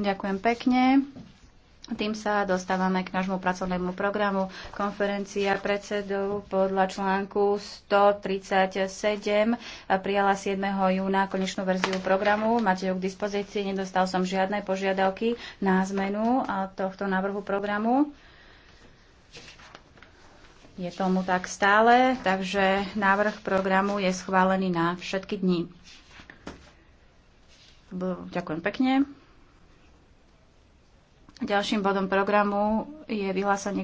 Ďakujem pekne. Tým sa dostávame k nášmu pracovnému programu. Konferencia predsedov podľa článku 137 prijala 7. júna konečnú verziu programu. Máte ju k dispozícii. Nedostal som žiadne požiadavky na zmenu tohto návrhu programu. Je tomu tak stále, takže návrh programu je schválený na všetky dni. Ďakujem pekne. Ďalším bodom programu je vyhlásenie